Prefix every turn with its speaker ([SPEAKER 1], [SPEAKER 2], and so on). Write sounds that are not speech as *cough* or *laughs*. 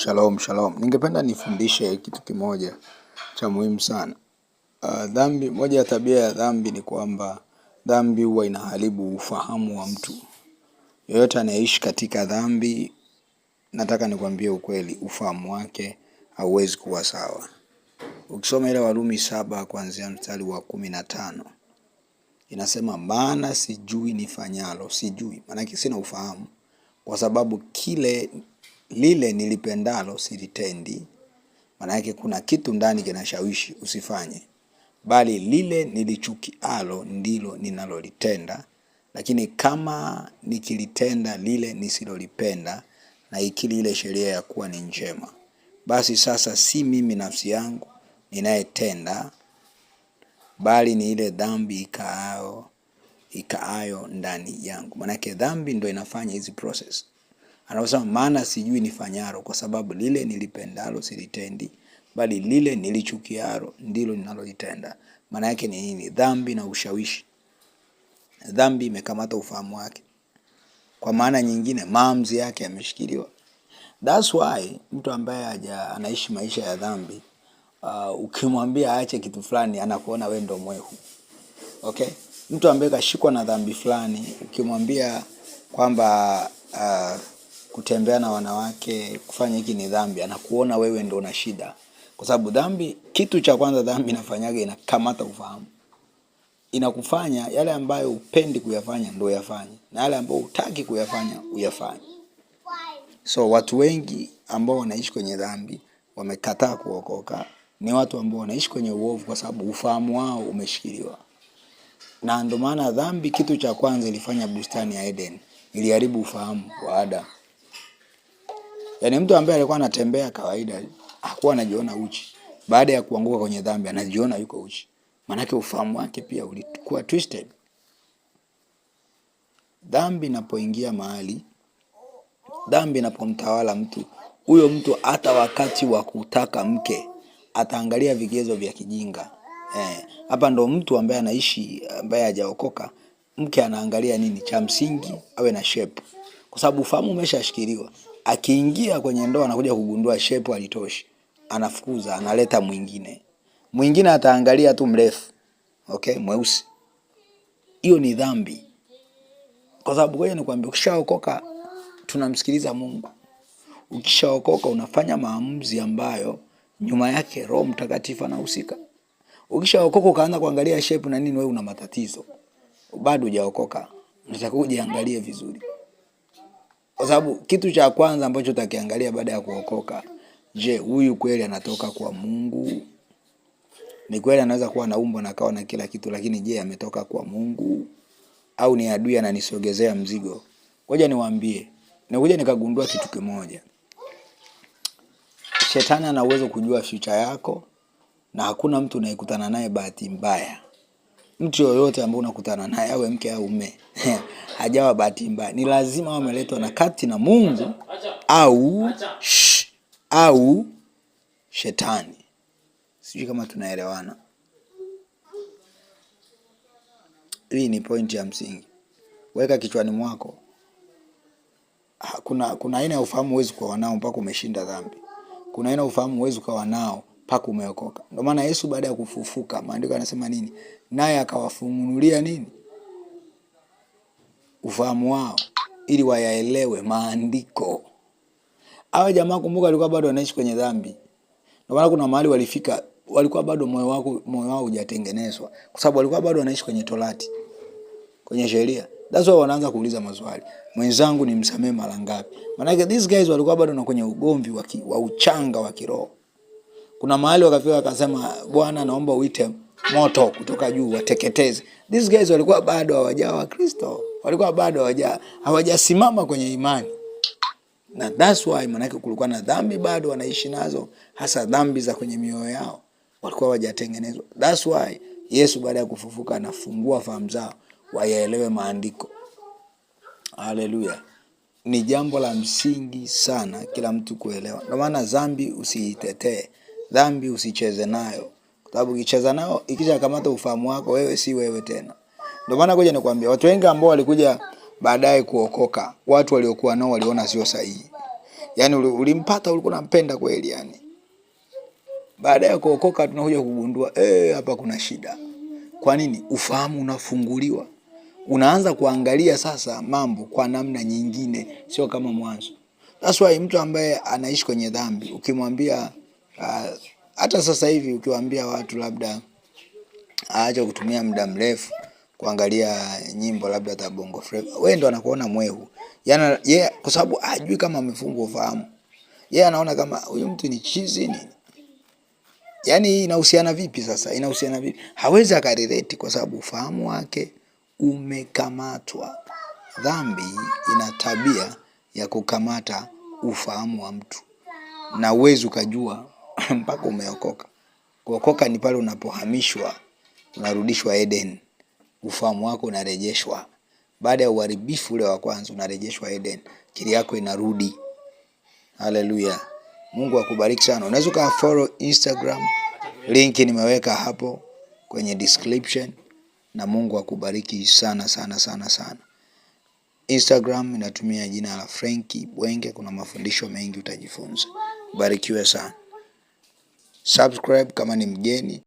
[SPEAKER 1] Shalom, shalom. Ningependa nifundishe kitu kimoja cha muhimu sana. Uh, dhambi, moja ya tabia ya dhambi ni kwamba dhambi huwa inaharibu ufahamu wa mtu. Yoyote anayeishi katika dhambi, nataka nikwambie ukweli, ufahamu wake hauwezi kuwa sawa. Ukisoma ile Warumi saba kuanzia mstari wa kumi na tano inasema, maana sijui nifanyalo, sijui, maanake sina ufahamu, kwa sababu kile lile nilipendalo silitendi, maana yake kuna kitu ndani kinashawishi usifanye, bali lile nilichukialo ndilo ninalolitenda. Lakini kama nikilitenda lile nisilolipenda, na ikili ile sheria ya kuwa ni njema, basi sasa si mimi nafsi yangu ninayetenda, bali ni ile dhambi ikaayo ikaayo ndani yangu. Maanake dhambi ndo inafanya hizi process anasema maana sijui nifanyaro, kwa sababu lile nilipendalo silitendi, bali lile nilichukiaro ndilo ninalolitenda. Maana yake ni nini? Dhambi na ushawishi. Dhambi imekamata ufahamu wake, kwa maana nyingine maamuzi yake yameshikiliwa. That's why mtu ambaye haja anaishi maisha ya dhambi uh, ukimwambia aache kitu fulani anakuona wewe ndio mwehu. Okay? Mtu ambaye kashikwa na dhambi fulani ukimwambia kwamba uh, kutembea na wanawake, kufanya hiki ni dhambi, anakuona wewe ndo una shida, kwa sababu dhambi, kitu cha kwanza dhambi inafanyaga inakamata ufahamu, inakufanya yale ambayo upendi kuyafanya ndo yafanye, na yale ambayo utaki kuyafanya uyafanye. So watu wengi ambao wanaishi kwenye dhambi wamekataa kuokoka, ni watu ambao wanaishi kwenye uovu, kwa sababu ufahamu wao umeshikiliwa na ndio maana dhambi, kitu cha kwanza ilifanya bustani ya Eden, iliharibu ufahamu wa adam Yaani mtu ambaye alikuwa anatembea kawaida hakuwa anajiona uchi. Baada ya kuanguka kwenye dhambi anajiona yuko uchi. Maanake ufahamu wake pia ulikuwa twisted. Dhambi inapoingia mahali, dhambi inapomtawala mtu, huyo mtu hata wakati wa kutaka mke ataangalia vigezo vya kijinga. Eh, Hapa ndo mtu ambaye anaishi ambaye hajaokoka, mke anaangalia nini cha msingi, awe na shape, kwa sababu ufahamu umeshashikiliwa. Akiingia kwenye ndoa anakuja kugundua shepu alitoshi, anafukuza, analeta mwingine. Mwingine ataangalia tu mrefu, okay, mweusi. Hiyo ni dhambi, kwa sababu wewe, nikwambia, ukishaokoka tunamsikiliza Mungu. Ukishaokoka unafanya maamuzi ambayo nyuma yake Roho Mtakatifu anahusika. Ukishaokoka ukaanza kuangalia shepu na nini, wewe una matatizo, bado hujaokoka. Nitakuja angalie vizuri kwa sababu kitu cha kwanza ambacho utakiangalia baada ya kuokoka, je, huyu kweli anatoka kwa Mungu? Ni kweli anaweza kuwa na umbo na kawa na kila kitu, lakini je, ametoka kwa Mungu au ni adui ananisogezea mzigo? Ngoja niwaambie, nikuja nikagundua kitu kimoja, shetani ana uwezo kujua future yako, na hakuna mtu unayekutana naye bahati mbaya. Mtu yoyote ambaye unakutana naye awe mke au mume hajawa bahati mbaya, ni lazima wameletwa na kati na Mungu au sh, au shetani. Sijui kama tunaelewana. Hii ni pointi ya msingi, weka kichwani mwako. Kuna kuna aina ya ufahamu huwezi kuwa nao mpaka umeshinda dhambi. Kuna aina ya ufahamu huwezi kuwa nao mpaka umeokoka. Ndio maana Yesu baada ya kufufuka, maandiko yanasema nini? Naye akawafunulia nini ufahamu wao ili wayaelewe maandiko. Hawa jamaa kumbuka, walikuwa bado wanaishi kwenye dhambi, ndio maana kuna mahali walifika, walikuwa bado moyo wako moyo wao hujatengenezwa, kwa sababu walikuwa bado wanaishi kwenye torati, kwenye sheria. That's why wanaanza kuuliza maswali, mwenzangu ni msamee mara ngapi? Maana these guys walikuwa bado na kwenye ugomvi wa, wa uchanga wa kiroho. Kuna mahali wakafika wakasema, Bwana naomba uite moto kutoka juu wateketeze. These guys walikuwa bado hawajawa Kristo walikuwa bado hawaja hawajasimama kwenye imani, na that's why manake kulikuwa na dhambi bado wanaishi nazo, hasa dhambi za kwenye mioyo yao, walikuwa hawajatengenezwa. That's why Yesu baada ya kufufuka anafungua fahamu zao wayaelewe maandiko. Haleluya! Ni jambo la msingi sana kila mtu kuelewa. Ndio maana dhambi usiitetee, dhambi usicheze nayo, kwa sababu ukicheza nayo, kamata ufahamu wako, wewe si wewe tena. Ndio maana ngoja nikwambia, watu wengi ambao walikuja baadaye kuokoka, watu waliokuwa nao waliona sio sahihi. Yaani ulimpata ulikuwa unampenda kweli yani. Baadaye kuokoka tunakuja kugundua eh, hapa kuna shida. Kwa nini? Ufahamu unafunguliwa. Unaanza kuangalia sasa mambo kwa namna nyingine, sio kama mwanzo. That's why mtu ambaye anaishi kwenye dhambi ukimwambia ah, hata uh, sasa hivi ukiwaambia watu labda aache kutumia muda mrefu kuangalia nyimbo labda za bongo flava, wewe ndo anakuona mwehu yana yeye yeah, kwa sababu hajui kama amefungwa ufahamu yeye yeah, anaona kama huyu mtu ni chizi nini. yani inahusiana vipi sasa? Inahusiana vipi? Hawezi akarelate kwa sababu ufahamu wake umekamatwa. Dhambi ina tabia ya kukamata ufahamu wa mtu, na uwezi ukajua *laughs* mpaka umeokoka. Kuokoka ni pale unapohamishwa, unarudishwa Edeni ufahamu wako unarejeshwa. Baada ya uharibifu ule wa kwanza, unarejeshwa Eden, akili yako inarudi. Haleluya, Mungu akubariki sana. Unaweza follow Instagram, linki nimeweka hapo kwenye description, na Mungu akubariki sana sana sana sana. Instagram inatumia jina la Frenki Bwenge. Kuna mafundisho mengi utajifunza. Barikiwe sana. Subscribe kama ni mgeni.